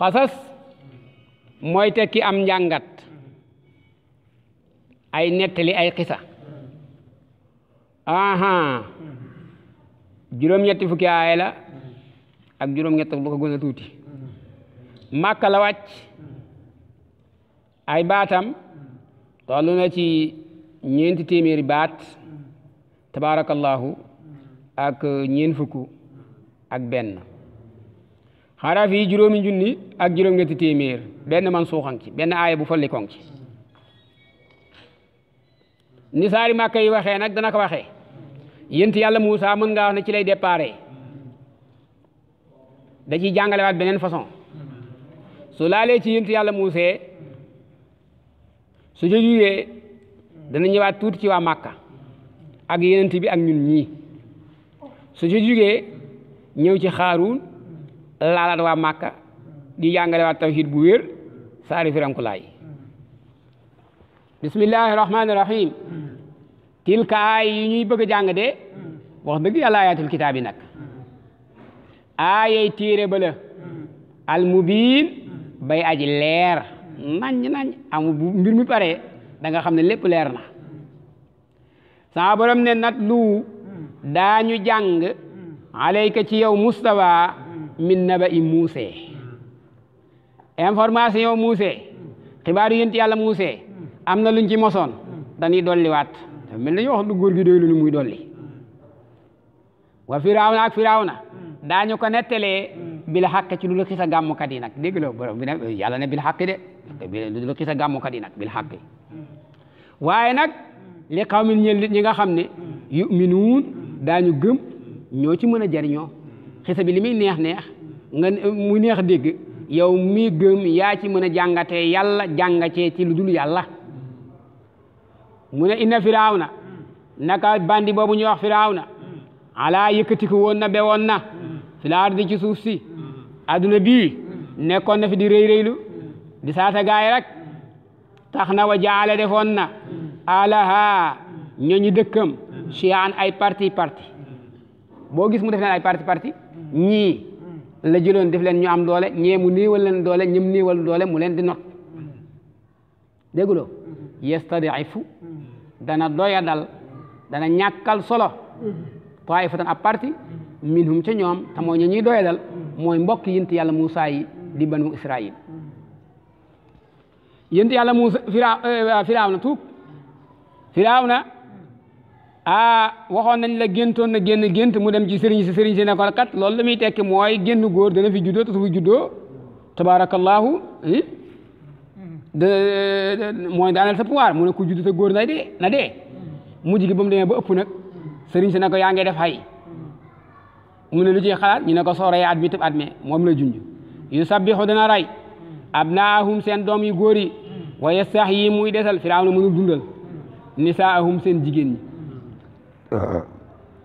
xasas mooy tekki am njàngat ay nettali ay xisa aha juróom-ñetti fukki aaya la ak juróom-ñett lu ko gën tuuti màkka wàcc ay baatam tollu na ci ñeenti téeméeri baat tabaarakallaahu ak ñeen fukk ak benn xaraaf yi juróomi junni ak juróom-ñetti téeméer benn man suuxan ci benn aaya bu follikoŋ ci ni saari màkka yi waxee nag dana ko waxee yént yàlla Moussa mën ngaa wax na ci lay déparé da ciy jàngalewaat beneen façon soo laalee ci yént yàlla Moussa su jëjuwee dana ñëwaat tuuti ci waa màkka ak yenent bi ak ñun ñii su ci jugee ñëw ci xaaruun laalaat waa Màkka di jàngale waa tawhid bu wér saari firankulaay bismillahi tilka aay yi ñuy bëgg a jàng de wax dëgg yàlla ayatul kitaab yi nag aayay téere ba la al mubiin bay aji leer nañ nañ amu mbir mi pare da xam ne lépp leer na sama ne nat lu daañu jàng alayka ci min naba'i muuse information muuse xibaaru yént yàlla muuse am na luñ ci mosoon dañuy dolliwaat mel na ñu wax du góor gi doylu ni muy dolli wa firawna ak firawna daañu ko nettalee bil xàq ci lu la xisa gàmmukat yi nag dégg loo borom yàlla ne bil xàq de lu la xisa gàmmukat yi nag bil xàq waaye nag li xaw min ñi nga xam ne yuminuun daañu gëm ñoo ci mën a jariñoo xisa bi li muy neex neex nga mu neex dégg yow mii gëm yaa ci mën a jàngatee yàlla jàngatee ci lu dul yàlla mu ne inna firawna naka bandi boobu ñuy wax firawna alaa yëkkatiku woon na be woon na fil ci suuf si adduna bii nekkoon na fi di rëy rëylu di saata gaay rek tax na wa jaale defoon na alaha ñooñu dëkkam ci an ay parti parti boo gis mu def naan ay parti parti ñii la jëloon def leen ñu am doole ñee mu néewal leen doole ñëm néewal doole mu leen di not dégguloo yestadifu dana doya dal dana ñàkkal solo taifatan ab parti minhum ca ñoom te mooy ña ñuy doya dal mooy mbokk yënt yàlla Muusa yi di banu Israil yënt yàlla Muusa eh, Firawna tuub Firawna ah waxoon nañ la géntoon na génn gént mu dem ci sëriñ si sëriñ si ne ko kat loolu la muy tekki mooy génn góor dana fi juddoo te su fi juddoo tabaarakallaahu hmm? mooy daaneel sa pouvoir mu ne ku juddu te góor na dee na dee mujj gi ba mu demee ba ëpp nag sëriñ si ko yaa ngi def xay mu ne lu ciy xalaat ñu ne ko soo rey at mi tëb at mi moom la junj yu sabbixu dana rey abnaahum seen doom yu góor yi wa yastax yi muy desal firaaw na mënul dundal nisaahum seen jigéen ñi Uh-huh.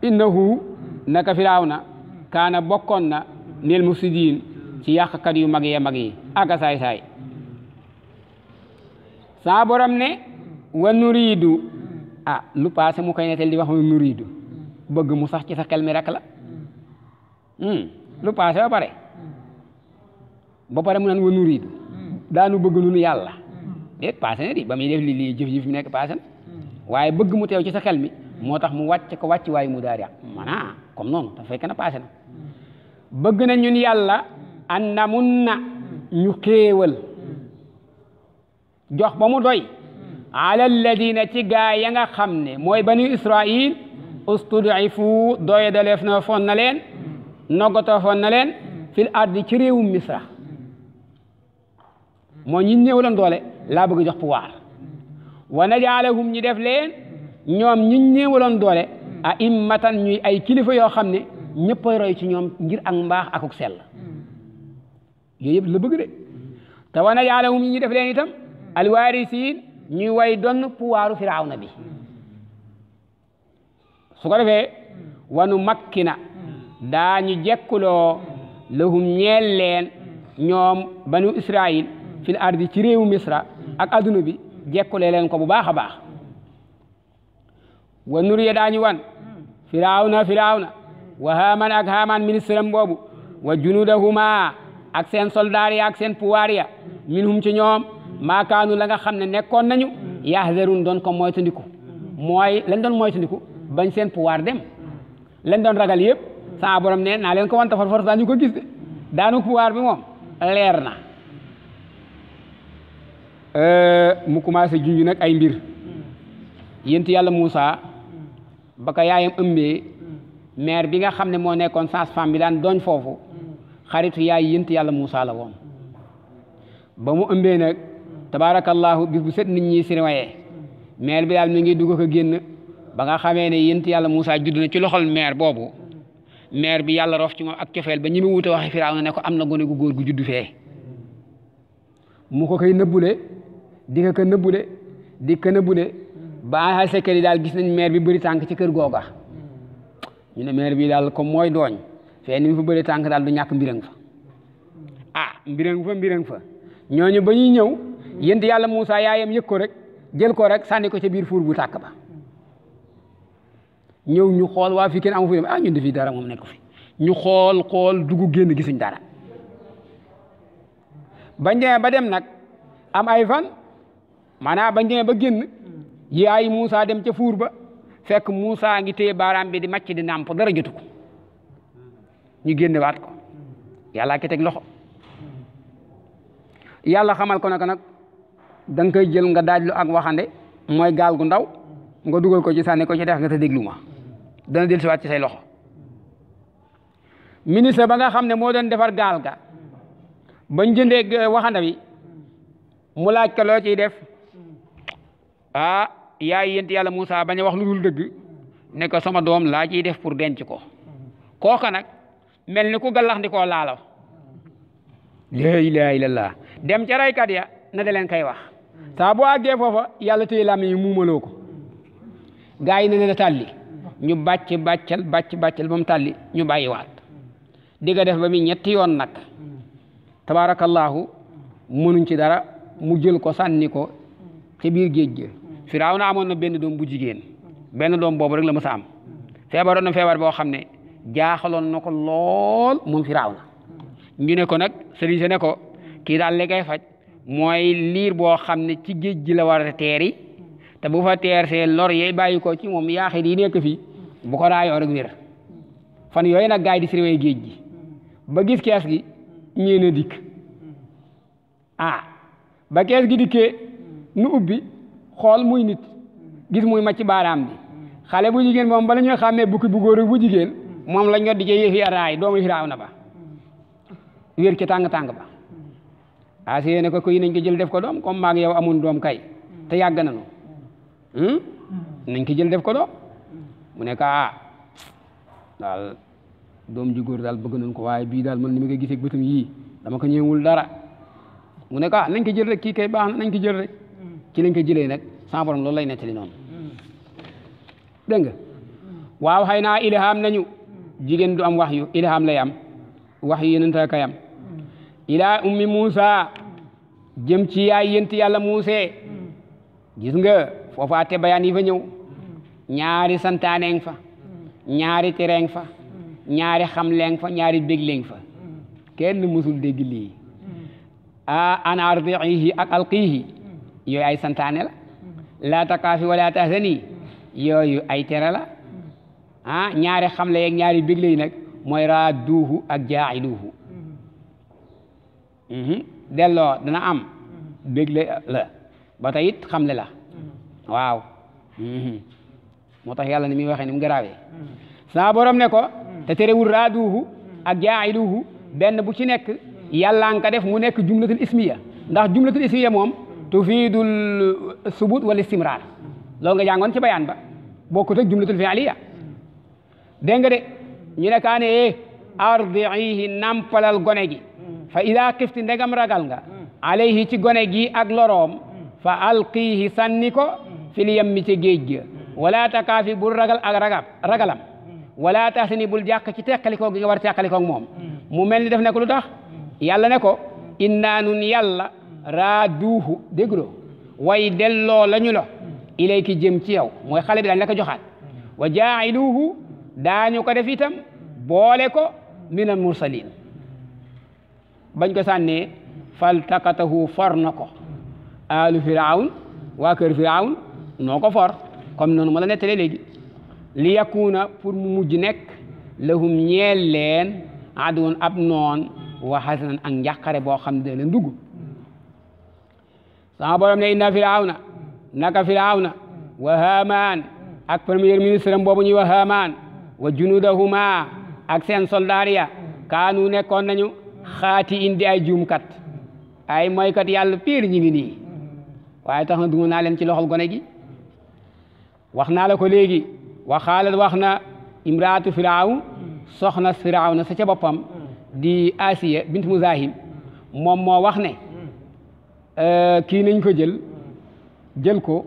innahu naka firawna kaana bokkoon na nel mufsidiin ci yàqkat yu mag ya mag yi aka saay-saay saa borom ne wa nuriidu ah lu paase mu koy nettali di wax nu nuriidu bëgg mu sax ci sa xel mi rek la hmm, lu paase ba pare ba pare mu naan wa nuriidu daanu bëgg nunu yàlla déet paase na di ba muy def li lii jëf-jëf mi nekk paase na waaye bëgg mu teew ci sa xel mi moo tax mu wàcc ko wàcc waayu mu daari maanaam comme noonu dafa fekke na passé na bëgg na ñun yàlla an namun na ñu xéewal jox ba mu doy ala alladina ci gaa ya nga xam ne mooy banu israil ustudifu doye daleef na foon na leen noggatoo foon na leen fil ardi ci réewum misra moo ñi néew lan doole laa bëgg jox pouvoir wa najaalahum ñi def leen ñoom ñu néewaloon doole a immatan ñuy ay kilifa yoo xam ne ñëpp roy ci ñoom ngir ak mbaax akuk sell yooyu yëpp la bëgg de te wana yàlla mum ñu def leen itam alwaarisiin ñuy way donn puwaaru firawna bi su ko defee wanu makkina daa ñu jekkuloo lahum ñeel leen ñoom banu israil fil ardi ci réewu misra ak adduna bi jekkulee leen ko bu baax a baax wa nuriya daañu wan firawna firawna wa haaman ak haaman ministre am boobu wa junudahuma ak seen soldaar ya ak seen pouvoir ya minhum ci ñoom maakaanu la nga xam ne nekkoon nañu yahzarun doon ko moytandiku mooy lañ doon moytandiku bañ seen pouvoir dem lañ doon ragal yëpp sa borom ne naa leen ko wanta farfar daañu ko gis de daanu pouvoir bi na euh, mu commencé junj nag ay mbir yént yàlla Moussa ba ko yaayam ëmbee mm. maire bi nga xam ne moo nekkoon sage-femme bi daan doñ foofu mm. xaritu yaay yént yàlla Muusaa la woon mm. ba mu ëmbee nag tabaarakallaahu bis bu set nit ñi sirwaye maire bi daal mu ngi dugg ko génn ba nga xamee ne yént yàlla Muusaa judd na ci loxol maire boobu maire bi yàlla rof ci moom ak cofeel ba ñi mu wuute waxe firaaw na ne am na gone gu góor gu juddu fee mu ko koy nëbbule di ko ko nëbbule di ko nëbbule ba Alhaji Sekeri daal gis nañ maire bi bëri tànk ci kër googa mm. ñu ne maire bi daal ko mooy dooñ fee ni mu fa bëri tànk daal du ñàkk mbirang fa mm. ah mbirang fa mbirang fa ñooñu ba ñuy ñëw yént yàlla Moussa yaayam yëg ko rek jël ko rek sànni ko ca biir fuur bu tàkk ba ñëw ñu xool waa fii kenn amu fi ah fii dara moom nekk fi ñu xool xool dugg génn gisuñ dara bañ demee ba dem nag am ay fan maanaam bañ demee ba génn yaay Moussa dem ca fuur ba fekk Moussa ngi téye baaraam bi di màcc di nàmp dara jotu ko ñu génne waat ko yàlla ki teg loxo yàlla xamal ko nag nag da nga koy jël nga daajlu ak waxande mooy gaal gu ndaw nga dugal ko ci sànni ko ci def nga te déglu ma dana del siwaat ci say loxo ministre ba nga xam ne moo doon defar gaal ga bañ jëndee waxande bi mu laaj ko loo ciy def ah, yaay yent yàlla Moussa bañ a wax lu dul dëgg ne ko sama doom laa ciy def pour denc ko kooka nag mel ni ku gallaxndikoo ndi koo laalo laa ilaaha illallaah dem ca raykat ya na da leen koy wax saa boo àggee foofa yàlla téye làmmiñ yi muumaloo ko gaa yi ne ne na tàlli ñu bàcc bàccal bàcc bàccal ba mu tàlli ñu bàyyiwaat digga def ba mi ñetti yoon nag tabaarakallaahu mënuñ ci dara mu jël ko sànni ko ci biir géej gi na amoon na benn doom bu jigéen benn doom boobu rek la mës a am feebaroon na feebar boo xam ne jaaxaloon na ko lool moom Firawna ñu ne ko nag sëriñ sa ne ko kii daal li koy faj mooy liir boo xam ne ci géej gi la war a teeri te bu fa teer see lor yey bàyyi ko ci moom yaaxit yi nekk fii bu ko raayoo rek wér fan yooyu nag gaay di siriwee géej gi ba gis kees gi ñeena dikk ah ba kees gi dikkee nu ubbi xool muy nit gis muy macc baaraam bi xale bu jigéen moom bala ñoo xàmmee bukki bu góor bu jigéen moom la ñoo di jee yëfi araay doomu firaaw na ba wér ci tàng-tàng ba asiyee ne ko ko yi nañ ko jël def ko doom comme maag yow doom kay te yàgg nañu hmm? nañ ko jël def ko mu ne ko ah doom ji góor daal bëgg nañ ko waaye bii daal man ni ma koy gisee bëtam yii dama ko ñëwul dara mu ne ko ah nañ ko jël rek kii kay baax na nañ ko jël rek ci lañ ko jëlee nag sama borom lay nettali noonu dégg nga waaw xëy naa ilham nañu jigéen du am wax yu ilham lay am wax yu yenenta kay am ilaa ummi Muusa jëm ci yaay yent yàlla muusee gis nga foofa te bayaan yi fa ñëw ñaari santaaneng fa ñaari tereng fa ñaari xamleng fa ñaari bégleng fa kenn musul dégg lii a an ardiihi ak alqiihi yooyu ay santaane la laa takaafi wala tahzani yooyu ay tere la ah ñaari xamle yeeg ñaari bégle yi nag mooy raadduuhu ak jaa'iluuhu mhm. delloo dana am bégle la ba xamle la waaw mhm. moo tax yàlla ni muy waxe ni mu garaawee saa borom ne ko te terewul raaduuhu ak jaa'iluuhu benn bu ci nekk yàlla nga def mu nekk jumlatul ismiya ndax jumlatul ismiya moom tufidul subut wala istimrar loolu nga jàngoon ci bayaan ba bokkut ak jumlatul fi'liya dégg nga de ñu ne kaa ne ee eh, ardiihi nampalal gone gi fa ida xifti ndegam ragal nga alayhi ci gone gi ak loroom fa alqiihi sànni ko yam yammi ci géej ga wala takaafi bul ragal ak ragab ragalam wala taxsini bul jàkk ci teqalikoo gi war teqalikoo moom mu mel ni def ne ko tax yàlla ne ko innaanun yàlla raaduuhu dégguloo way delloo lañu la ki jëm ci yow mooy xale bi daañu la joxaat wa jaa'iluuhu daañu ko def itam boole ko min al mursalin bañ ko sànnee faltakatahu for na ko aalu firawn waa kër firawn noo ko for comme noonu ma la nettalee li yakuna pour mu mujj nekk lahum ñeel leen aduun ab noon wa hasanan ak njàqare boo xam ne da dugg sama borom ne inna firawna naka firawna wa haamaan ak premier ministre boobu ñuy wa haamaan wa junudahuma ak seen soldaar ya kaanu nekkoon nañu xaati indi ay juumkat ay mooykat yàlla piir ñi ngi nii waaye tax na dugg naa leen ci loxol gone gi wax naa la ko léegi wa xaalat wax na imraatu firaw soxna firaaw na sa ca boppam di asiya bint muzahim moom moo wax ne Euh, kii nañ ko jël jël ko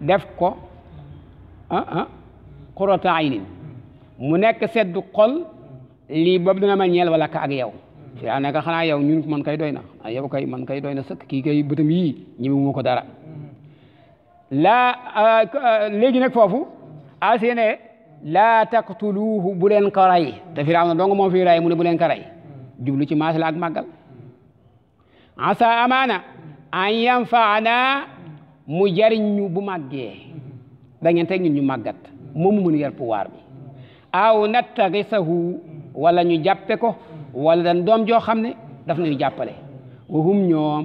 def ko ah ah qurrata mu nekk seddu xol lii boobu dina ma ñeel wala ka ak yow yaa nekk xanaa yow ñun man kay doy na ah, yow kay man kay doy na sëkk kii kay bëtam yii ñemewu ko dara la ah, léegi nag foofu asee la laa taqtuluuhu bu leen ko rey te Firawna dong moo fi rey mu ne bu leen ko rey jublu ci maas la ak asa amaana an yanfaana mu jariñ ñu bu màggee da ngeen ñu màggat moomu mun yer pouvoir bi aw nattaxisahu wala ñu jàppe ko wala dan doom joo xam ne daf ñuy jàppale wahum ñoom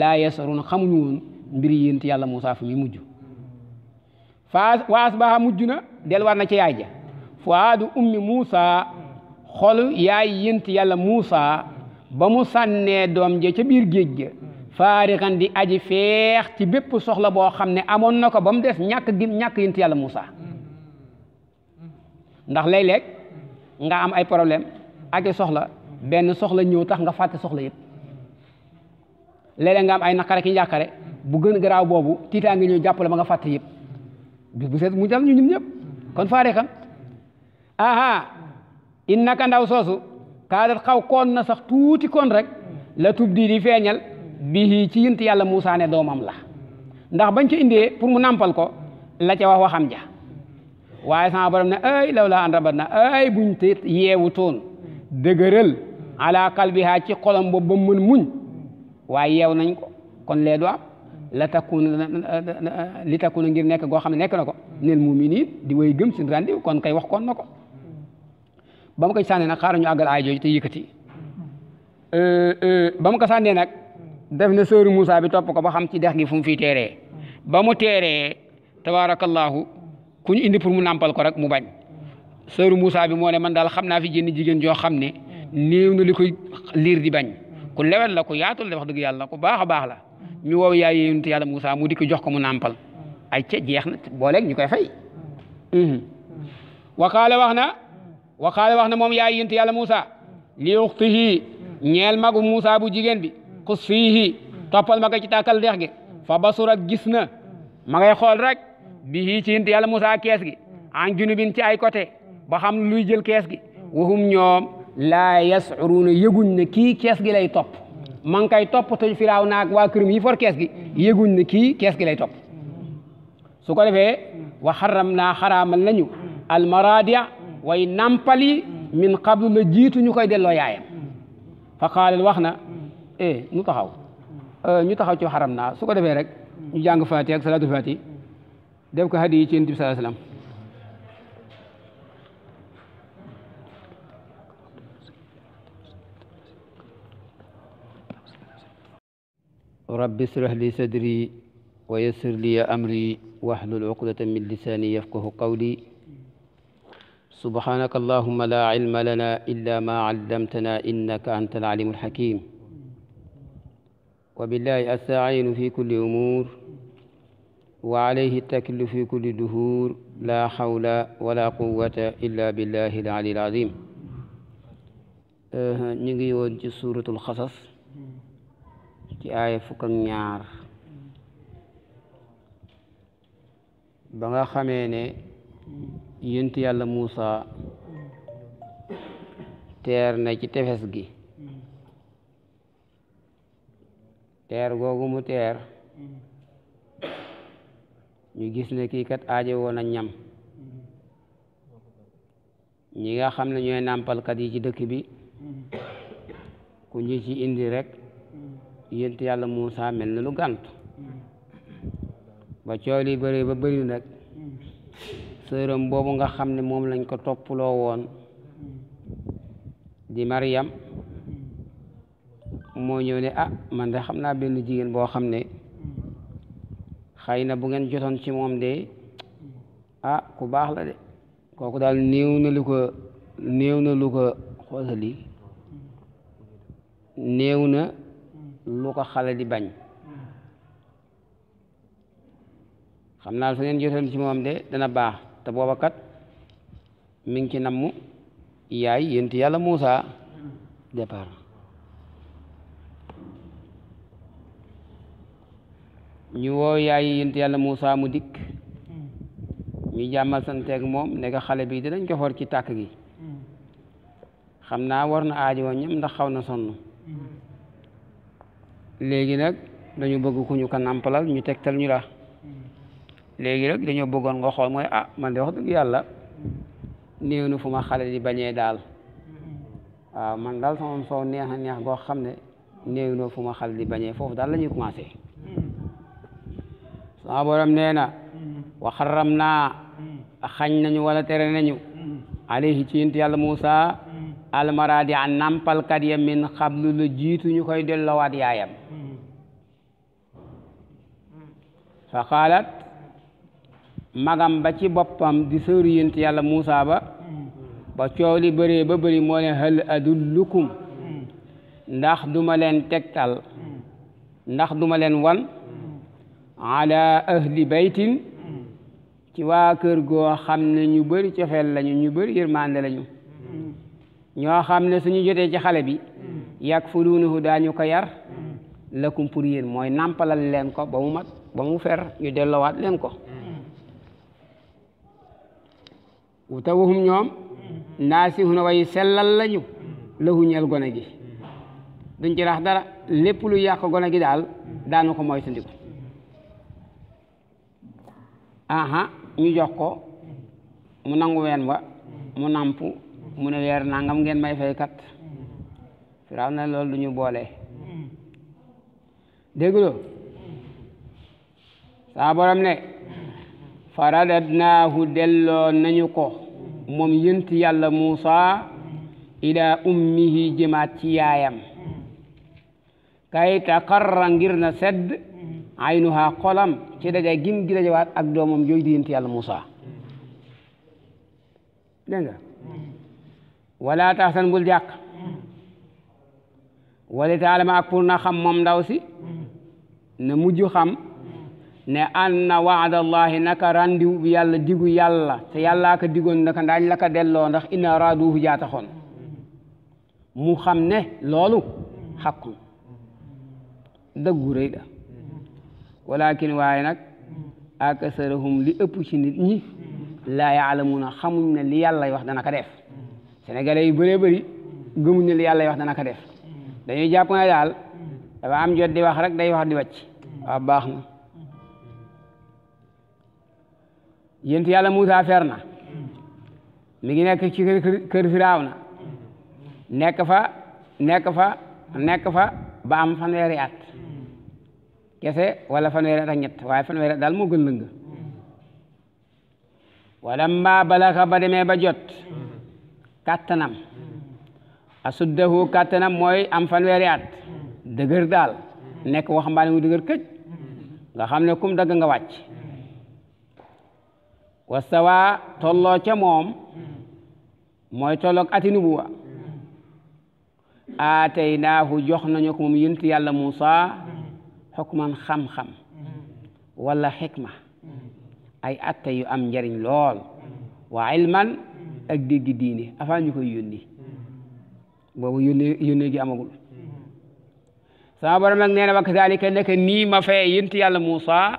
laa yasaruun xamuñu woon mbir yént yàlla Muusaa fi mi mujj fa wa asbaha mujj na del war na ci yaay ja fuaadu ummi Muusaa xolu yaay yént yàlla Muusaa ba mu sànnee doom ja ca biir géej ga faarixan di aji feex ci bépp soxla boo xam ne amoon na ko ba mu des ñàkk gin ñàkk yonent yàlla Muusa ndax léeg-léeg nga am ay problème ak soxla benn soxla ñëw tax nga fàtte soxla yëpp léeg-léeg nga am ay naqare ki njàqare bu gën garaaw boobu tiitaa nga ñëw jàppale ba nga fàtte yëpp bis bu seet mu jàll ñu ñun ñëpp kon faarixan aha innaka ndaw soosu xaalat xaw koon na sax tuuti kon rek la tub di di feeñal bii ci yënt yàlla Moussa doomam la ndax bañ ci indee pour mu nàmpal ko la ca wax waxam ja waaye sama borom na ay law laa an rabat na ay buñ te yeewu toon dëgëral ala qalbiha ci xolam boobu ba mën muñ waaye yeew nañ ko kon lee du am la takuna li takuna ngir nekk goo xam ne nekk na ko nel muminin di way gëm sin rendi kon kay wax koon na ko ba mu koy sànni nag xaaral ñu àggal aay jooju te euh, euh, ba mu ko sànnee nag def na sóoru Moussa bi topp ko ba xam ci dex gi fu mu fii teeree ba mu teeree tabaarakallaahu ku ñu indi pour mu nàmpal ko rek mu bañ sóoru Moussa bi moo ne man daal xam naa fi jënn jigéen joo xam ne néew na li koy liir di bañ ku lewet la ku yaatul la wax dëgg yàlla ku baax a baax la ñu wow yaay yonent yàlla Moussa mu di ko jox ko mu nàmpal ay ca jeex na booleeg ñu koy fay. wakaale wax na. wa qaala wax na moom yaay yinti yàlla Moussa li uxtihi ñeel magu Moussa bu jigéen bi xus fiihi toppal ma ko ci tàkkal dex gi fa basura gis na ma ngay xool rek bihi ci yinti yàlla Moussa kees gi an junubin ci ay côté ba xam luy jël kees gi wahum ñoom laa yas'uruuna yëguñ ne kii kees gi lay topp ma kay koy topp te firaaw naag waa këram yi for kees gi yëguñ na kii kees gi lay topp su ko wa xaram naa xaraamal nañu almaradia way nampal yi min qablu la jiitu ñu koy delloo yaayam fa xaalal wax na eh taxaw eh, ñu taxaw ci xaram naa su ko defee rek ñu jàng faati ak salaatu faati def ko hadi yi ci yonent bi rabbi israh li sadri wa yassir li amri wahlul uqdatan min lisani yafqahu qawli سبحانك اللهم لا علم لنا إلا ما علمتنا إنك أنت العليم الحكيم وبالله أستعين في كل أمور وعليه التكل في كل دهور لا حول ولا قوة إلا بالله العلي العظيم نيجي ونجي سورة القصص ci aaya fukk ak ñaar ba nga xamee ne yent yàlla Muusa teer na ci tefes gi teer googu mu teer ñu gis ne kii kat aaje woon a ñam ñi nga xam ne ñooy nàmpalkat yi ci dëkk bi ku ñu ci indi rek yent yàlla Muusa mel na lu gànt ba coow li bëri ba bëri nag sërëm boobu nga xam ne moom lañ ko toppaloo woon di mariyam moo ñëw ne ah man de xam naa benn jigéen boo xam ne xëy na bu ngeen jotoon ci moom de a ah, ku baax la de kooku daal néew na lu ko néew na lu ko xoosali néew na lu ko di bañ xam naa su ngeen jotoon ci moom de dana baax te booba kat mi ngi ci namm yaay yénti yàlla Muusa départ ñu woo yaay yénti yàlla Muusa mu dikk ñu jàmmasanteeg moom nekk xale bi dinañ ko for ci tàkk gi xam naa war na aaji woon ñam ndax xaw na sonn léegi nag dañu bëgg ku ñu ko nampalal ñu tegtal ñu la léegi nag dañoo bëggoon nga xool mooy a ah, man de wax dëgg yàlla néew na fu ma xale di bañee daal waaw man daal sama soow neex a neex goo xam ne néew na fu ma xale di bañee foofu daal la ñuy commencé sama borom nee na waxaram naa xañ nañu wala tere nañu alayhi ci yent yàlla Muusa almaradi a nampalkat ya min xablu lu jiitu ñu koy delloowaat yaayam fa qaalat magam ba ci boppam di sëru yént yàlla Muusa ba ba coow li bëree ba bari moo ne hal adullukum ndax duma leen tegtal ndax duma leen wan ala ahli baytin ci waa kër goo xam ne ñu bëri cofeel lañu ñu bëri yërmande lañu ñoo xam ne suñu jotee ci xale bi yakfuluunahu daañu ko yar lakum pour yéen mooy nàmpalal leen ko ba mu mat ba mu fer ñu dellowaat leen ko wu ta waxum ñoom ndaa si xuna way sellal lañu lahu ñel gone gi duñ ci rax dara lépp lu yàq gone gi daal daanu ko mooy tandiku aha ñu jox ko mu nangu ween wa mu namp mu ne weer nangam ngeen may kat firaaw na loolu du ñu boole dégg loo ne faradadnaahu delloo nañu ko moom yënt yàlla Muusa ila ummihi jëmaat ci yaayam kay taqarra ngir na sedd aynuha xolam ci daja gim gi dajawaat ak doomam jooju di yënt yàlla Muusa dégg nga wala taxsan bul taalama ak pour na xam moom ndaw si na mujj xam ne anna waadallahi naka randiw bi yàlla digu yàlla te yàllaa ko digoon naka ndaañ la delloo ndax inna araaduhu jaataxoon mu xam ne loolu xakkun dëggu rëy da walakin waaye nag akasarahum li ëpp ci nit ñi laa yaalamuuna xamuñ ne li yàlla wax dana ko def sénégalais yu bëree ne li yàlla wax dana ko def dañuy jàpp ne daal dafa am jot di wax rek day wax di wàcc waaw baax na yénti yàlla Moussa fer na mi ngi nekk ci kër Firawna nekk fa nekk fa nekk fa ba am fanweeri at kese wala fanweeri at ak ñett waaye fanweeri at daal moo gën lëng wala mbaa balaxa ba demee ba jot kàttanam asuddahu kàttanam mooy am fanweeri at dëgër daal nekk waxambaane mu dëgër këj nga xam ne kum dagg nga wàcc wastawa tolloo ca moom mooy tolloog ati nubuwa aataynaahu jox nañu ko moom yonent yàlla Muusa xukman xam-xam wala xikma ay atte yu am njariñ lool wa ilman ak déggi diine avant ñu koy yónni boobu yónne yónne gi amagul sama borom nag nee na wa kazalika nekk nii ma yàlla Muusa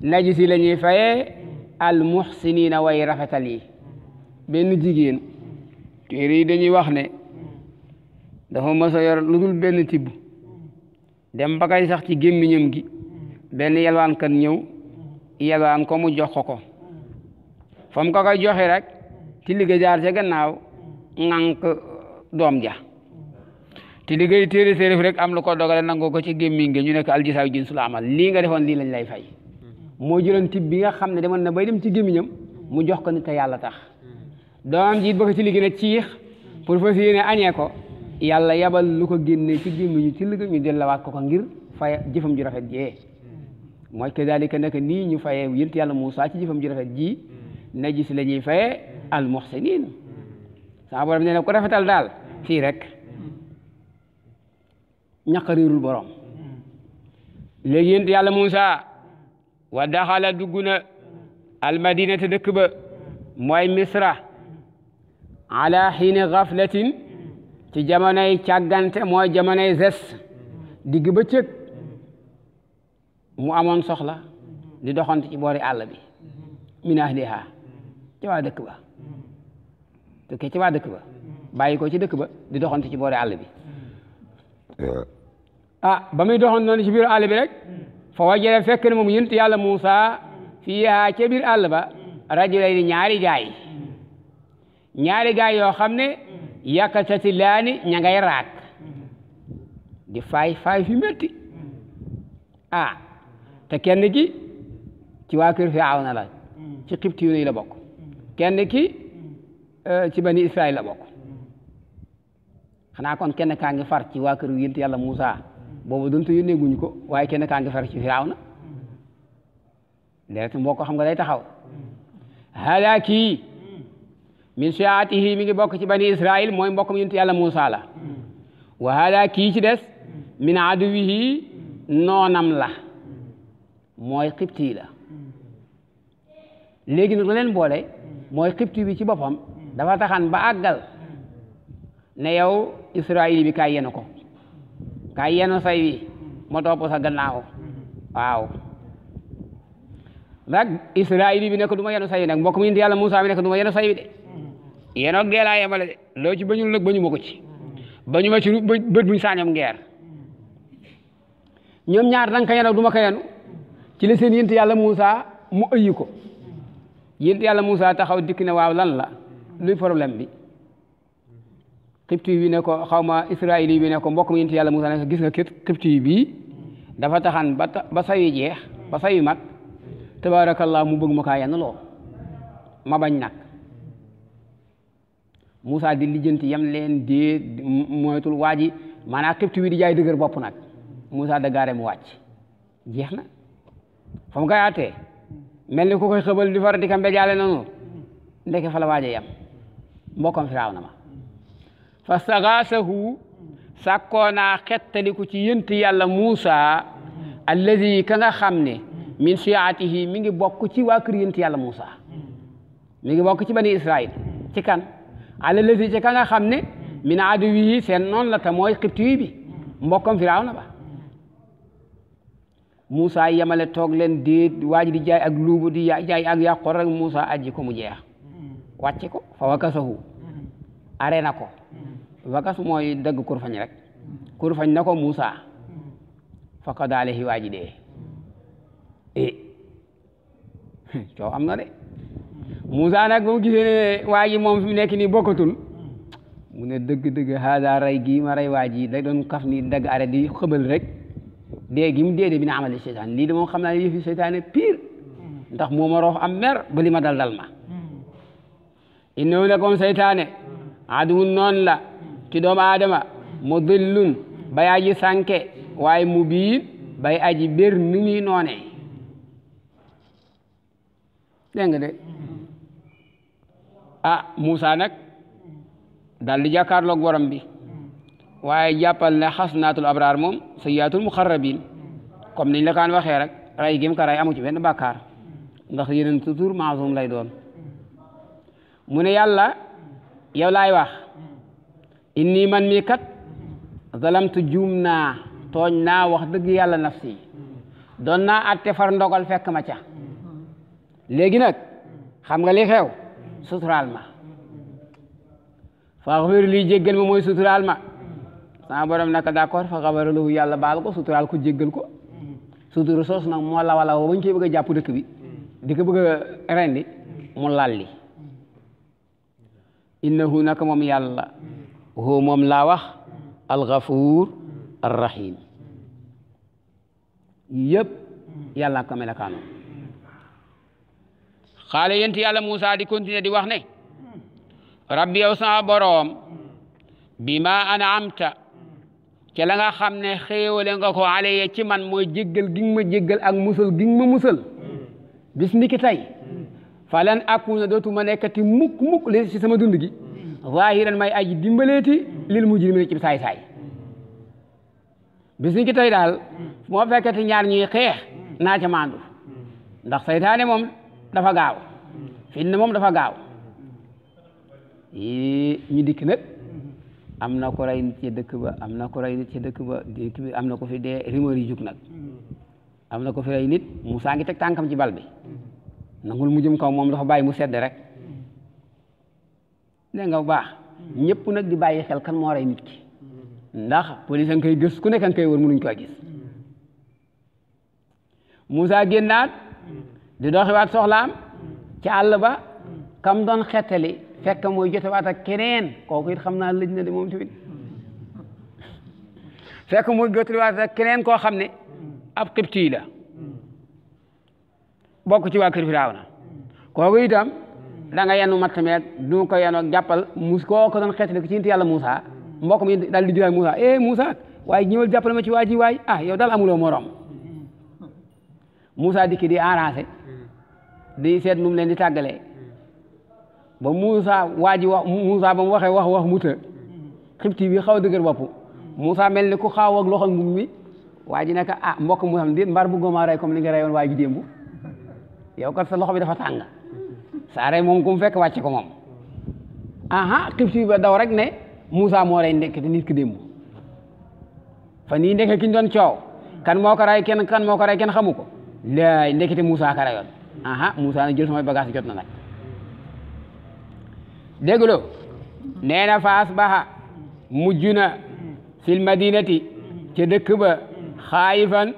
najisi la ñuy faye almuxsiniina way rafetal yi benn jigéen téere yi dañuy wax ne dafa mës a yor lu dul benn tibb dem ba kay sax ci gémmiñam gi benn yalwaankat ñëw yalwaan ko mu jox ko ko fom mu ko koy joxe rek ci liggéey jaar ca gannaaw ŋànk doom ja ti liggéey téere séeréef rek am lu ko dogale nangoo ko ci gémmiñ gi ñu nekk aljisaw jin su la amal lii nga defoon lii lañ lay fay moo jëloon tib bi nga xam ne demoon na bay dem ci gémmiñam mu jox ko nit te yàlla tax doomam ji it bokk ci li gën a ciix pour fas yéene añee ko yàlla yabal lu ko génne ci gémmiñu ci liggéey ñu dellawaat ko ko ngir fay jëfam ju rafet jee mooy kadaalika naka nii ñu fayee yënt yàlla Muusaa ci jëfam ju rafet ji najis la ñuy fayee al muhsinin saa borom nee na ku rafetal daal fii rek ñaq réerul borom léegi yënt yàlla Muusaa wa daxala dugg na almadinata dëkk ba mooy misra ala xiini gaflatin ci jamonoy càggante mooy jamonoy zes digg ba cëg mu amoon soxla di doxante ci boori àll bi min ahliha ci waa dëkk ba tukkee ci waa dëkk ba bàyyi ko ci dëkk ba di doxante ci boori àll a ah ba muy doxante noonu ci biir àll bi rek fa wajara fekk na moom yonent yàlla Muusa fiihaa ca biir àll ba rajulayni ñaari gaay ñaari gaay yoo xam ne yakasati laani ña ngay raak di faay faay fi métti ah te kenn ki ci waa kër Firawna la ci xibtiyu yi la bokk kenn ki e, ci bani Israel la bokk xanaa kon kenn kaa ngi far ci waa kër yonent yàlla Muusa boobu donte yónneeguñu ko waaye kenn kaa ngi far ci firaaw na deret moo ko xam nga day taxaw haala kii min suyaatihi mi ngi bokk ci bani israil mooy mbokkam yonent yàlla Muusa la wa haala kii ci des min aduwihi noonam la mooy xibti la léegi nag la leen boole mooy xibti bi ci boppam dafa taxan ba àggal ne yow israil bi kaay yenu ko nga yenu say wi ma topp sa gannaaw waaw nag israeli bi nekk du ma yenu say wi nag mbokk mi indi yàlla Moussa bi nekk du ma yenu say wi de yenoog dee ngeer ñoom ñaar danga ko yenu du ma ko yenu ci la seen yent yàlla Moussa mu ëyyi ko yent yàlla Moussa taxaw dikk na waaw lan la luy problème bi xibti yi bi ne ko xaw ma israel yi bi ne ko mbokk mu yonent yàlla Musaa ne ko gis nga kit xibti yi dafa taxan ba ba sayu jeex ba sayu mat tabaarakallaa mu bëgg ma kaa yenn loo ma bañ nag Musaa di lijjanti yam leen dee waa ji maanaam xibti wi di jaay dëgër bopp nag Musaa dagaare mu wàcc jeex na fa mu mel ni ku koy xëbal di fara di ka mbejaale noonu ndeke fa la waaje yam mbokkam firaaw na ma fa sagaasahu sàkkoonaa xettaliku ci yënt yàlla Muusa alladi ka nga xam ne min siyaatihi mi ngi bokk ci waa kër yënt yàlla Muusa mi ngi bokk ci bani Israil ci kan alladi ci ka nga xam ne min aduwihi seen noonu la te mooy xibtiyu bi mbokkam Firawna ba Muusa yamale toog leen déet waaj di jaay ak luubu di jaay rek Muusa aji ko mu jeex wàcce ko fa wakasahu are na ko wakasu mooy dëgg kurfañ rek kurfañ na ko Muusa fa qada alayhi waajidee e eh. coow am na de Muusa nag ba mu gisee ne waa ji moom fi mu nekk nii bokkatul mu ne dëgg-dëgg haada rey gii ma rey waa ji da doon kaf ni dagg are di xëbal rek dee gi mu dee de bi na amali seytaan lii de moom xam naa ne yëfi seytaane pire ndax moo ma am mer ba li ma dal dal ma hmm. innahu lakum aduwun noon la ci doomu aadama mudillun bay aji sànke waaye mubiin bay aji bér nu muy noonee dégg nga de ah Moussa nag daal di jàkkaarloog borom bi waaye jàppal ne xasanaatul abraar moom sayyiaatul muqarrabiin comme niñ la kaan waxee rek ray gim ka ray amu ci benn bàkkaar ndax yeneen toujours maasum lay doon mu ne yàlla yow laay wax inni man mii kat zalamtu juum naa tooñ naa wax dëgg yàlla nafsi doon naa atte far ndogal fekk ma ca léegi nag xam nga li xew suturaal ma fa xabir lii jéggal ma mooy suturaal ma sama borom naka d'accord fa xabara lahu yàlla baal ko suturaal ko jéggal ko sutura soos nag moo la wala woo ba ñu koy bëgg a jàpp dëkk bi di ko bëgg a rendi mu lalli innahu naka moom yàlla hu moom laa wax alxafuur arrahim yëpp yàlla ko melakaano xaale yent yàlla Moussa di kontine di wax ne rabbi yow sama boroom bi ma ana amta ca la nga xam ne xéewale nga ko aleye ci man mooy jéggal gi ma jéggal ak musal gi ma musal bis ni ki falan akuna dootuma nekkati mukk mukk li si sama dund gi waay zahiran may aji dimbaleeti lil mujrimina ci saay saay bis ni tey daal moo fekkati ñaar ñuy xeex naa ca maandu ndax saytaane moom dafa gaaw fitna moom dafa gaaw ñu dikk nag am na ko rey nit ci dëkk ba am na ko rey nit ci dëkk ba dëkk am na ko fi dee rumeur yi jug nag am na ko fi rey nit Moussa ngi teg tànkam ci bal bi nangul mu jëm kaw moom dafa bàyyi mu sedd rek dégg nga bu baax ñépp nag di bàyyi xel kan moo rey nit ki ndax police a nga koy gës ku nekk a kay koy wër mënuñ koo gis Moussa génnaat di doxiwaat soxlaam ci àll ba kam doon xettali fekk mooy jotewaat ak keneen kooku xam naa lëj na de moom fekk mooy jotewaat keneen koo xam ne ab xibti la bokk ci waa kër Firawna kooku itam da nga yenu matt meeg du ko yenoog jàppal mus koo ko doon xeetale ko ci yonent yàlla Moussa mbokk mi daal di jëlaat Moussa eh Moussa waaye ñëwal jàppale ma ci waa ji waay ah yow daal amuloo morom Moussa dikki di arrangé di seet nu mu leen di tàggalee ba Moussa waa ji wax Moussa ba mu waxee wax wax mu të xibti bi xaw a dëgër bopp Moussa mel ni ku xaaw ak loxo ngum mi waa ji nekk ah mbokk mu xam déet mbar bu gomaa rey nga reyoon waa ji démb yow kat sa loxo bi dafa tàng saare moom ku fekk wàcce ko moom aha xifti ba daw rek ne Moussa moo rey ndekkati nit ki démb fa nii ndekke ki doon coow kan moo ko rey kenn kan moo ko rey kenn xamu ko laay ndekkati Moussa ka reyoon aha Moussa na jël samay bagage jot na nag déggloo nee na faas baxa mujj ca dëkk ba xaayifan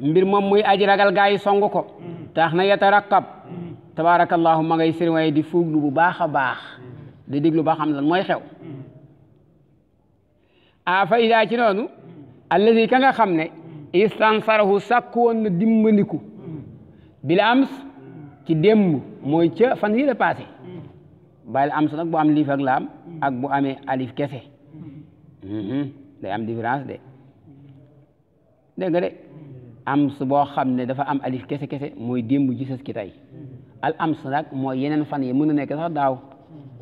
mbir moom muy aji ragal gaa yi song ko taax na yatarakab tabaarakallaahu ma ngay sëriñ waaye di fuuglu bu baax a baax di déglu ba xam lan mooy xew a fa idaa ci noonu allazi ka nga xam ne istansarahu sàkku woon na dimbandiku bila ams ci démb mooy ca fan yii la passé bàyyil ams nag bu am liif ak laam ak bu amee alif kese mhm, day am différence de dégg nga de ams boo xam ne dafa am alif kese kese mooy démb gisas ki tey al ams nag mooy yeneen fan yi mën na nekk sax daaw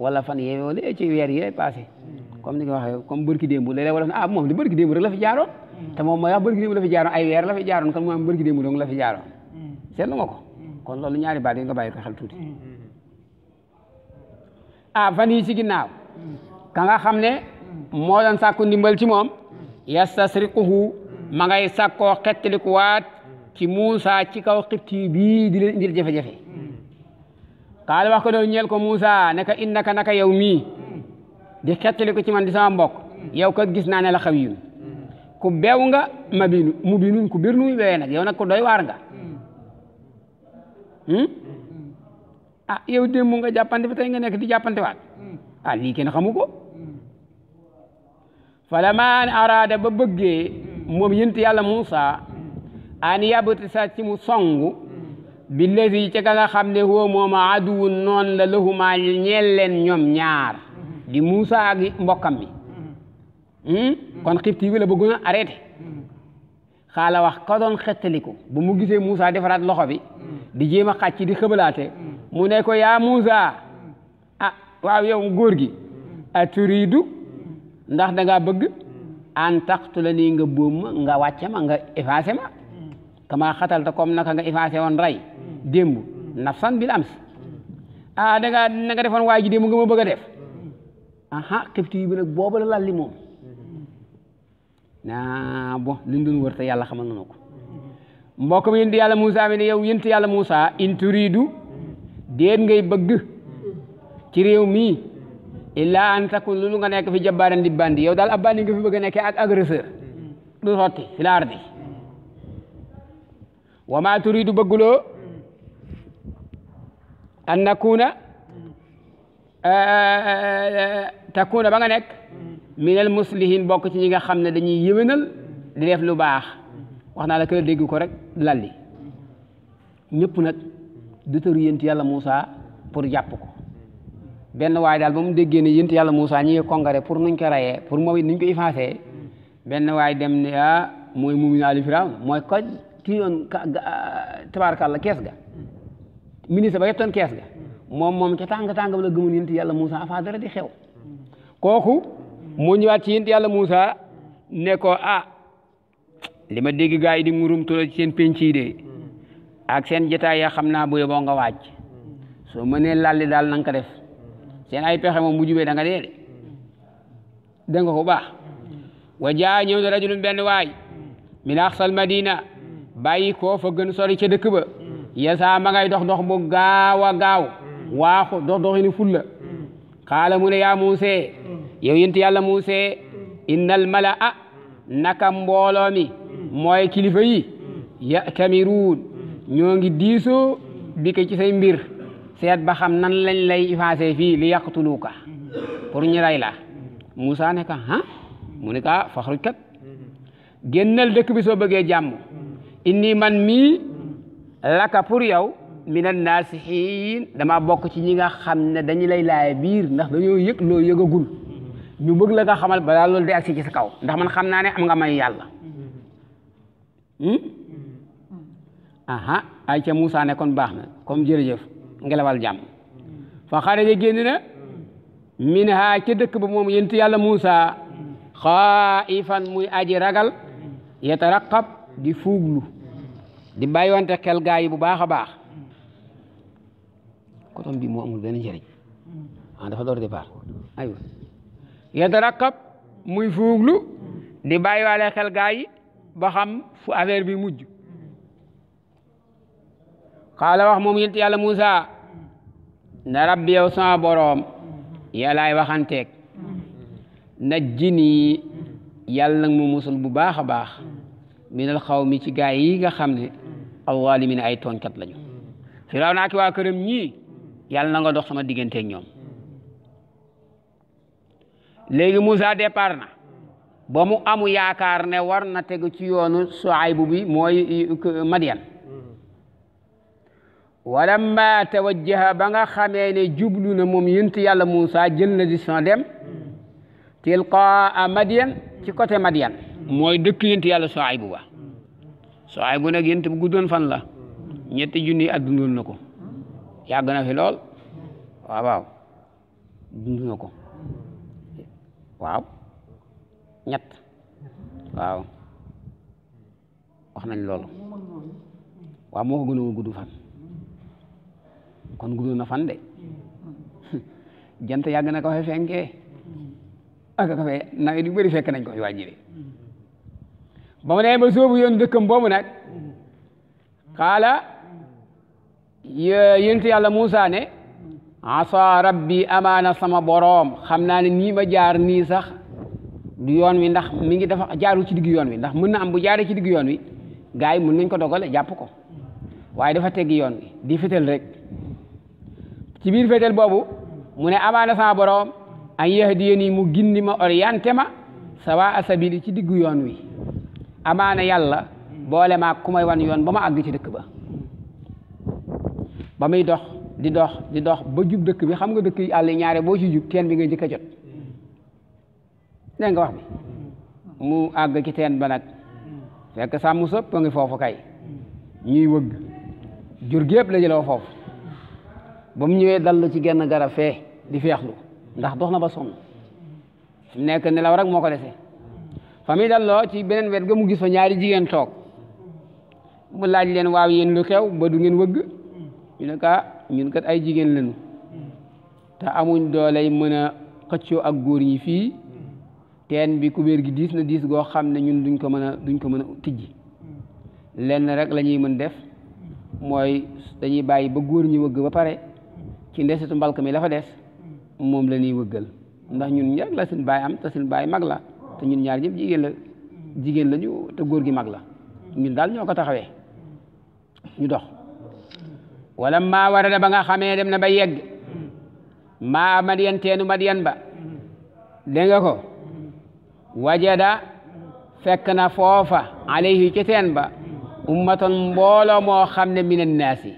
wala fan ye wala ci weer yi passé comme ni ko waxee comme bërki démb léeg-léeg wala ah moom li bërki démb rek la fi jaaroon te moom mooy wax bërki démb la fi jaaroon ay weer kon moom bërki démb dong nga ko kon loolu ñaari baat yi nga bàyyi ko xel tuuti ah fan yi ci ginnaaw ka nga xam ne moo doon sàkku ndimbal ci moom yastasriquhu ma ngay sàkkoo xettalikuwaat ci Muusa ci kaw xibti bii di leen indil jafe-jafe xaala wax ko doon ñeel ko Muusa ne ko innaka naka yow mii di xettaliku ci man di sama mbok yow ka gis naa ne la xaw yun ku beew nga ma biinu mu biinun ku bir nuy bewee nag yow nag ku doy waar nga hmm? ah yow démb nga jàppante fa nga nekk di jàppante waat ah xamu ko araada ba bëggee moom yënt yàlla Muusa an yabti sa ci mu song bi lesi ca ka xam ne woo mooma aduwun noon la lahumaa ñeel leen ñoom ñaar di Muusa ak mbokkam hmm? bi kon xifti wi la bëggoon xaala wax ka doon xettaliku bu mu gisee Muusa defaraat loxo bi di jéem a xàcc di xëbalaate mu ne ko yaa Muusa ah waaw yow góor gi a turiidu ndax da bëgg an taqtula nii nga buum ma nga wàcce ma nga effacé ma mm. kama xatal ta comme naka nga effacé woon rey mm. démb nafsan bil amsi ah da na defoon waa ji démb nga ma bëgg a def mm. aha xifti yi bi la lalli moom naa bon li ñu doon wër te yàlla xamal na ko mbokk mi ne yow yënt yàlla Moussa in turidu déet ngay bëgg ci réew mii illaa an takun lu nga nekk fi jabbaaran di bandi yow daal ab bandi nga fi bëgg a nekkee ak agresseur du sotti fi laar di wa maa turidu bëgguloo an nakuna eh, eh, eh, takuna ba nga nekk minal muslihin bokk ci ñi nga xam ne dañuy yëwénal di def lu baax wax naa la kër dégg ko rek lalli ñëpp nag du tëru yént yàlla Moussa pour jàpp benn waaye daal ba mu déggee ne yént yàlla Moussa ñi ngi kongare pour nuñ ko rayee pour moom it nuñ ko effacé benn waaye dem ne ah, mooy mumin ali firawna mooy ko tuyoon tabaarkàlla kees ga ministre ba yettoon kees ga moom moom ca tàng tàng la gëmoon yént yàlla Moussa afaa dara di xew kooku moo ñëwaat ci yént yàlla Moussa ne ko ah li ma dégg gaa yi di ngurum tura ci seen penc yi ak seen jotaay ya xam naa bu yoboo nga waaj soo mënee lalli daal na ko def seen ay pexe moom mu jubee da nga dee de dégg nga ko wa jaa ñëw na rajulun benn waay min axsal madina bàyyi koo fa gën sori ca dëkk ba yasaa ma ngay dox dox bu gaaw a gaaw waaxu dox dox ni fulla xaala mu ne yaa muusee yow yent yàlla muusee innal mala a naka mbooloo mooy kilifa yi yatamiruun ñoo ngi diisoo bi ci say mbir seet ba xam nan lañ lay effacé fii li yaqtuluuka pour ñu rey la Moussa ne ka ah mu ne ka ah, faxruj kat génnal dëkk bi soo bëggee jàmm inni man mii laka pour yow minan naasihiin dama bokk ci ñi nga xam ne dañu lay laay biir ndax dañoo yëg loo yëgagul ñu bëgg la nga xamal balaa loolu di agsi ci sa kaw ndax man xam naa ne am nga may yàlla hmm? aha ay ca Moussa ne kon baax na comme jërëjëf ngelawal jàmm fa xaraja génn na min ha ca dëkk ba moom yent yàlla Muusa xaifan muy aji ragal yataraqab di fuuglu di bàyyiwante xel gaa yi bu baax a baax kotom bi moo amul benn njëriñ ah dafa door départ aywa yataraqab muy fuuglu di bàyyiwaale xel gaa yi ba xam fu affaire bi mujj xaala wax moom yent yàlla Muusa na rabbi yow sama boroom yàllaay waxanteeg na jini yàlla nag mu musul bu baax a baax minal xaw mi ci gaa yi nga xam ne awwaalimiin ay tooñkat lañu firaaw naa ki waa këram ñii yàlla na nga dox sama digganteeg ñoom léegi musa départ na ba mu amu yaakaar ne war na tegu ci yoonu Suaybu bi mooy eh, Madian walamma tawajjaha ba nga xamee ne jublu na moom yent yàlla Moussa jël na décision dem tilqaa Madian ci côté madiyan mooy dëkk yent yàlla Soaybu ba Soaybu nag yent bu guddoon fan la ñetti junni at dundoon na ko yàgg na fi lool waaw waaw dund ko waaw ñett waaw wax nañ lool waaw moo ko gën a gudd fan kon gudd na fan de jant yàgg na ko fay fenkee ak ko fay nawet yu bëri fekk nañ ko fi wàññi ba mu nee ba soobu yoon dëkkam boobu nag xaala yënt yàlla Muusa ne asa rabbi amaana sama boroom xam naa ne nii ma jaar nii sax du yoon wi ndax mi ngi dafa jaarul ci digg yoon wi ndax mën na am bu jaaree ci digg yoon wi gars yi mun nañ ko dogale jàpp ko waaye dafa teggi yoon wi di fital rek ci biir féetal boobu mu ne amaana sama boroom an yahdiyani mu gindi ma orienté ma sawa asabili ci diggu yoon wi amaane yàlla boole maa ku may wan yoon ba ma àgg ci dëkk ba ba muy dox di dox di dox ba jub dëkk bi xam nga dëkk yi ñaare boo ci jub teen bi nga jëkk a jot dégg nga wax bi mu àgg ci teen ba nag fekk sàmm sëpp a ngi foofu kay ñuy wëgg jur gépp la jëloo foofu ba mu ñëwee dallu ci genn garab fee di feexlu ndax dox na ba sonn nekk nelaw rek moo ko dese fa muy dalloo ci beneen wet ga mu gis fa ñaari jigéen toog mu laaj leen waaw yéen lu xew ba du ngeen wëgg ñu ne ka ah, ñun kat ay jigéen lañu te amuñ doole mën a xëccoo ak góor ñi fii teen bi kubéer gi diis na diis goo xam ne ñun duñ ko mën a duñ ko mën a tijji lenn rek lañuy ñuy mën def mooy dañuy bàyyi ba góor ñi wëgg ba pare ci ndeesitu mbalk mi la fa des moom la ñuy wëggal ndax ñun ñaar la seen baay am te seen baay mag la te ñun ñaar ñëpp jigéen la jigéen lañu te góor gi mag la ñun daal ñoo ko taxawee ñu dox walla maa warada ba nga xamee dem na ba yegg maa madiyan teenu madiyan ba dégg nga ko wajada fekk na foofa alayhi ci teen ba ummatan mbooloo moo xam ne min minan naasi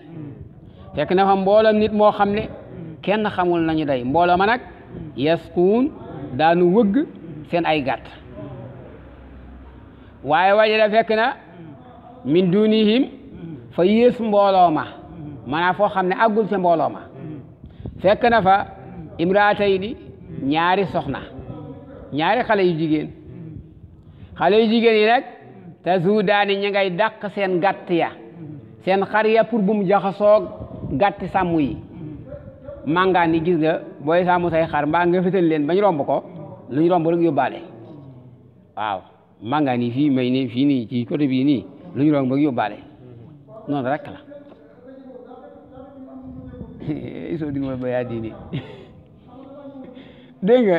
fekk na fa mbooloom nit moo xam ne kenn xamul nañu day mbooloo ma nag yaskuun daanu wëgg seen ay gàtt waaye wajada fekk na min dunihim fa yées mbooloo ma maanaam foo xam ne àggul ca mbooloo ma fekk na fa imraatay di ñaari soxna ñaari xale yu jigéen xale yu jigéen yi nag te zuudaani ñi ngay dàq seen gàtt ya seen xar ya pour bu mu jaxasoog gàtti sàmm yi màngaan yi gis nga booy sàmm say xar mbaa nga fëtal leen ba ñu romb ko lu ñu romb rek yóbbaale waaw màngaan yi fii may ni fii nii ci côté bii nii lu ñu romb rek yóbbaale noonu rek la soo di mooy bayaa diini dégg nga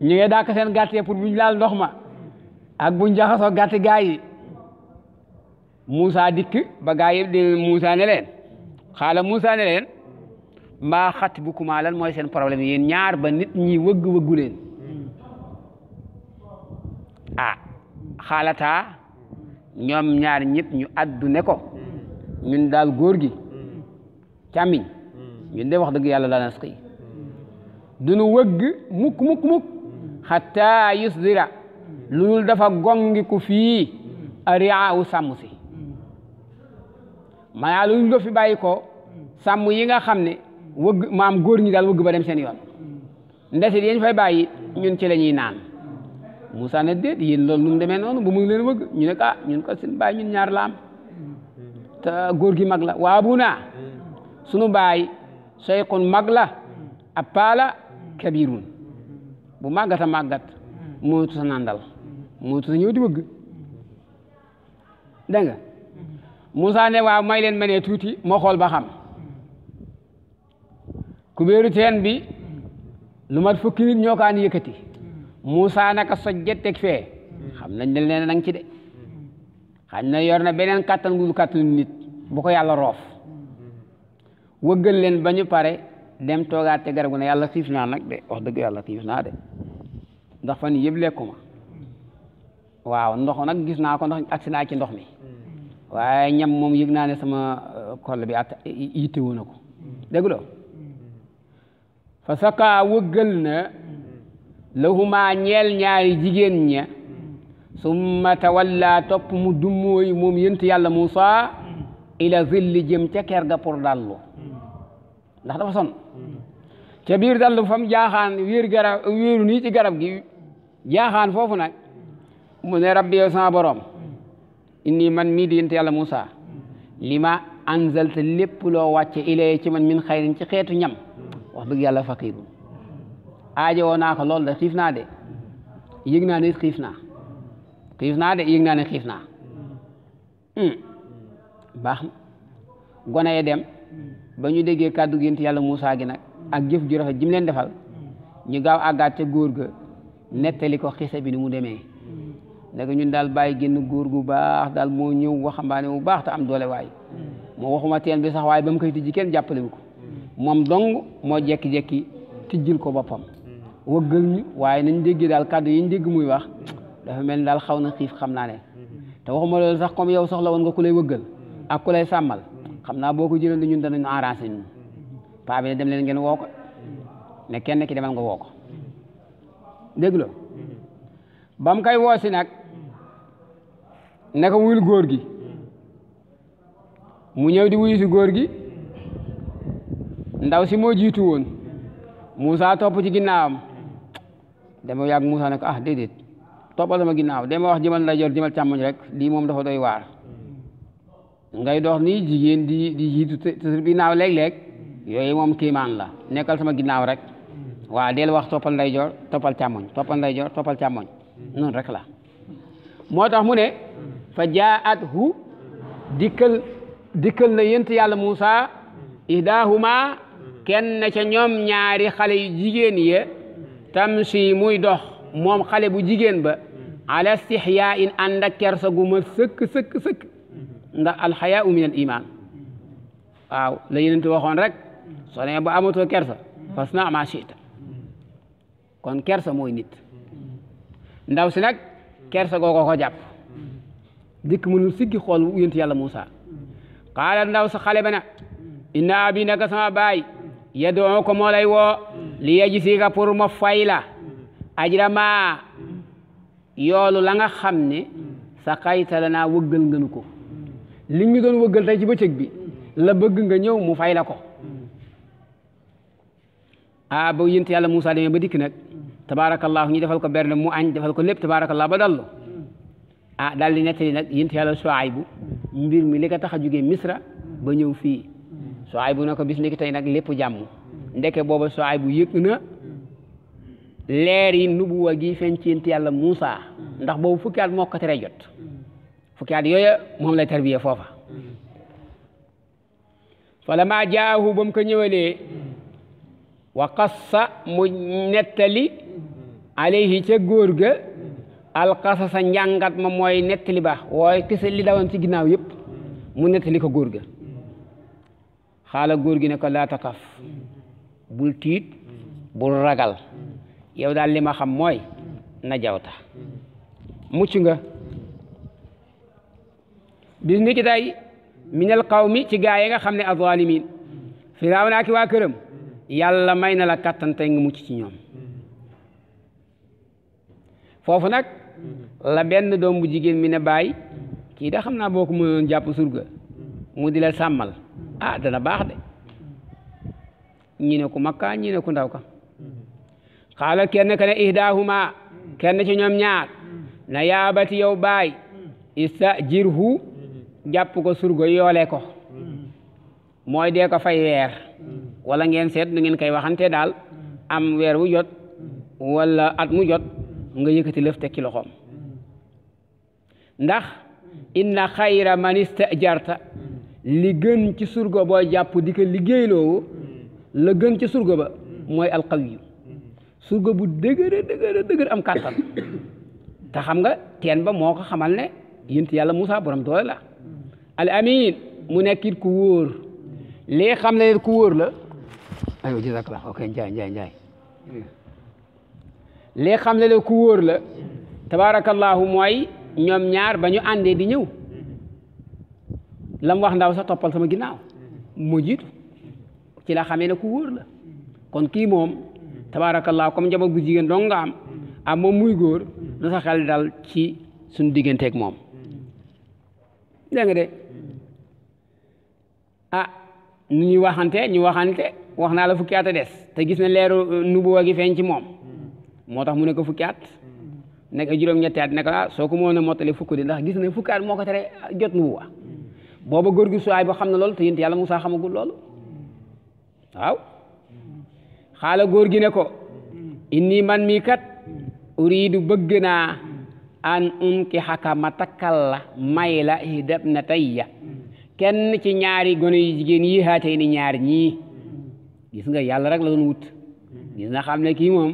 ñu ngi dàq seen gàtt yi pour buñ laal ndox ma ak bu jaxasoo gàtt gaa yi Moussa dikk ba gaa yi di Moussa ne xaala Moussa ne leen mbaa xat bu mooy seen problème yéen ñaar ba nit ñi wëgg wëggu leen ah xaalataa ñoom ñaar ñëpp ñu addu ne ko ñun daal góor gi càmmiñ ñun de wax dëgg yàlla laa nas koy duñu wëgg mukk mukk mukk lu dul dafa gongiku fii ariaawu sàmm si ma lu ñu fi bàyyi ko sàmm yi nga xam ne wëgg maam góor ñi daal wëgg ba dem seen yoon ndesit yéen fay bàyyi ñun ci la ñuy naan Moussa ne déet yéen loolu nu demee noonu bu mu leen wëgg ñu ne ah ñun ko seen bàyyi ñun ñaar laam am te góor gi mag la waa bu naa sunu baay seyxun mag la ab paa la kabirun bu màggat a màggat mootu sa nandal mootu sa ñëw di wëgg Moussa ne waa may leen ma ne tuuti moo xool ba xam kubéeru teen bi lu mat fukki nit ñoo kaan yëkkati Moussa naka sojjet teg fee xam nañ ne leen nang ci de xañ na yor na beneen kàttan gu kàttanu nit bu ko yàlla roof wëggal leen ba pare dem toogaat te garagu ne yàlla xiif naa nag de wax dëgg yàlla xiif naa de ndax fan yëpp lekkuma waaw ndox nag gis naa ko ndax agsi naa ci ndox mi waaye ñam moom yëg naa ne sama euh, kol bi at yittewu na ko dégguloo fa saka wëggal na lahuma ñeel ñaari jigéen ña summa tawalla topp mu dummóoy moom yënt yàlla Muusa ila zilli jëm ca ker ga pour dallu ndax dafa son ca biir dallu fam jaaxaan wéer garab wéeru nii ci garab gi jaaxaan foofu nag mu ne rabbi yow sama borom indi man mii di yonent yàlla Moussa li ma anzalta lépp loo wàcce ilay ci man min xayrin ci xeetu ñam wax dëgg yàlla faqiirun aajo woo naa ko loolu de xiif naa de yëg naa ne xiif naa xiif naa de yëg naa ne xiif naa hmm. baax na gone ye dem ba ñu déggee kàddu gi yonent yàlla Moussa gi nag ak jëf ju rafet ji leen defal ñu gaaw àggaat ca góor ga nettali ko xisa bi ni mu demee léegi ñun daal bàyyi génn góor gu baax daal moo ñëw waxambaane bu baax te am doole waay mm. moo waxuma teen bi sax waaye ba mu koy tijji kenn jàppalewu ko mm. moom dong moo jekki-jekki tijjil ko boppam mm. wëggal ñu waaye nañ déggee daal kàddu yi ñu dégg muy wax dafa mel ni daal xaw na xiif xam naa ne mm-hmm. te waxuma loolu sax comme yow soxla woon nga ku lay wëggal ak ku lay sàmmal xam naa boo ko jëloon ñun danañ arrangé ñun mm-hmm. paa ne dem leen ngeen woo ne kenn ki demal nga woo ko ne ko wuyul góor gi mu ñëw di wuyu si góor gi ndaw si moo jiitu woon Moussa topp ci ginnaawam dama yàgg Moussa ne ko ah déedéet toppal ginnaaw dama wax jëmal ndeyjoor jëmal càmmoñ rek lii moom dafa doy waar ngay dox ni jigéen di di jiitu te ginnaaw léeg-léeg yooyu moom kiimaan la nekkal sama ginnaaw rek waa del wax toppal nday joor toppal càmmoñ toppal ndeyjoor toppal càmmoñ noonu rek la moo tax mu ne fa jaathu dikkal dikkal na yent yàlla Muusa ihdahuma kenn ca ñoom ñaari xale yu jigéen ya tamsi muy dox moom xale bu jigéen ba ala stihyaa in ànd kersa gu ma sëkk sëkk sëkk ndax alxayaa min al iman waaw la yenent waxoon rek so ne ba amatoo kersa fas na ma chita kon kersa mooy nit ndaw si nag kersa googoo ko jàpp dikk mënul siggi xool yonent yàlla Muusa qaala ndaw sa xale ba na inna abi naka sama baay yadoo ko moo lay woo li yeji siika pour ma fay la ajra maa yoolu la nga xam ni sa xayta la naa wëggal ngënu ko li ñu doon wëggal tey ci bëccëg bi la bëgg nga ñëw mu fay la ko a ah, ba yonent yàlla Muusa demee ba dikk nag tabaarakallaahu ñu defal ko berne mu añ defal ko lépp tabaarakallaahu ba dallu ah daal di nettali nag yént yàlla Suaybu mbir mi li ko tax a jóge Misra ba ñëw fii Suaybu na ko bis ni ki tey nag lépp jàmm ndeke booba Suaybu yëg na leer yi nubuwa gi feeñ ci yàlla Muusa ndax boobu fukki at moo ko tere jot fukki at yooya moom lay tarbiye foofa falammaa jaahu ba mu ko ñëwalee wa qassa mu nettali alayhi ca góor ga sa njàngat ma mooy nettali ba waaye kese li dawoon ci ginnaaw yëpp mu nettali ko góor gi xaala góor gi ne ko laa takaf bul tiit bul ragal yow daal li ma xam mooy na jawta mucc nga bis ni ki tey minal qawmi ci gaa yi nga xam ne azalimin firaaw naa ki waa këram yàlla may na la kàttan nga mucc ci ñoom foofu nag la benn doom bu jigéen mi ne baay kii da xam naa boo ko mënoon jàpp surga mu di la sàmmal ah dana baax de ñi ku makka ñi ne ku ndaw ka xaala kenn ka ne ihdaahuma kenn ci ñoom ñaar na yaabati yow baay istajirhu jàpp ko surga yoole ko mooy dee ko fay weer wala ngeen seet nu ngeen koy waxante daal am weer wu jot wala at mu jot nga yëkkati lëf teg ci loxoom ndax inna xayra man istajarta li gën ci surgo boo jàpp di ko liggéeyloowu la gën ci surga ba mooy alqawiyu surga bu dëgër dëgër dëgër am kàttan te xam nga teen ba moo ko xamal ne yént yàlla Moussa borom doole la al amin mu nekkiit ku wóor lii xam ne ku wóor la ayo jazakallah ok njaay njaay njaay lii xam ne ku wóor la tabarakallahu mooy ñoom ñaar ba ñu àndee di ñëw mm-hmm. lam wax ndaw sa toppal sama ginnaaw mm-hmm. moo jiitu ci la xamee ne ku wóor la mm-hmm. kon kii moom tabaarakallaa comme njaboot bu jigéen dong nga am moom muy góor na sa xel dal ci suñu digganteeg moom dégg de ah nu ñuy waxante ñu waxante wax naa la fukki at a des te gis na leeru uh, nubuwa gi feeñ ci moom moo tax mu ne ko fukki at nekk juróom-ñetti at ne ko ah soo ko mënoon a fukk di ndax gis na fukki at moo ko tere jot nubuwa booba góor gi suwaay ba xam na loolu te yéen yàlla Moussa xamagul loolu waaw xaala góor gi ne ko inni man mii kat uriidu bëgg naa an unkihaka ma takkal la may la idab na tayya kenn ci ñaari gone yu jigéen yi haatee ni ñaar ñii gis nga yàlla rek la doon wut gis na xam ne kii moom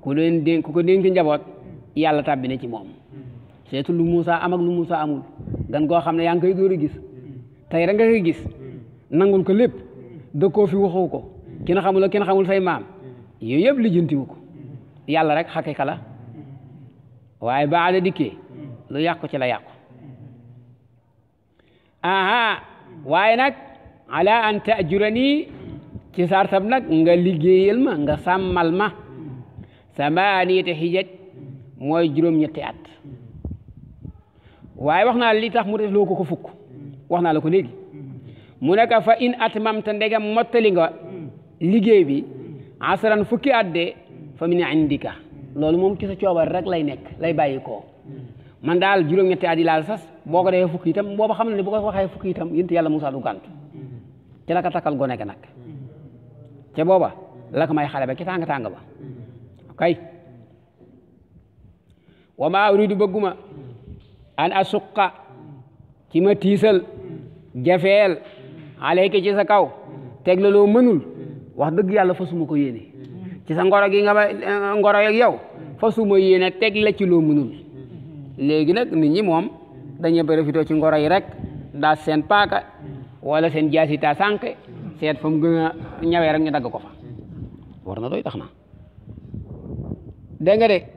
ku leen dénk ku ko dénk njaboot yàlla tàbbi na ci moom hmm. seetu lu Moussa amak lu Moussa amul gan koo xam ne yaa ngi koy dóor a gis hmm. tey rek nga koy gis hmm. nangul ko lépp dëkkoo fi waxu ko kenn xamul ak kenn xamul say maam yooyu yëpp lijjantiwu ko yàlla rek xaqiqa la waaye baada dikkee lu yàqu ci la yàqu aha waaye nag ala an taajurani ci sartab nag nga liggéeyal ma nga sàmmal ma samaaniyata xijaj mooy juróom-ñetti at waaye wax naa li tax mu def loo ko ko fukk wax naa la ko léegi mu nekk fa in at mam te ndegam mottali nga liggéey bi asaran fukki at de fa min indika loolu moom ci sa coobar rek lay nekk lay bàyyi koo man daal juróom-ñetti at yi laal sas boo ko defee fukki itam booba xam ne ne bu ko waxee fukki itam yént yàlla Musaa du gàntu ci la ko takkal gone ga nag ca booba la ko may xale ba ci tàng-tàng ba kay wa maa uridu bëgguma an asuqa ci ma tiisal jafeel alayka ci sa kaw teg la loo mënul wax dëgg yàlla fasuma ko yéene ci sa ngoro gi nga ma eh, ngoro yeeg yow fasuma yéene teg la ci loo mënul léegi nag nit ñi moom dañu profité ci ngoro yi rek ndaa seen paaka walla seen jaasi taa sànq seet fa mu ñawee rek ñu dagg ko fa war na doy tax na de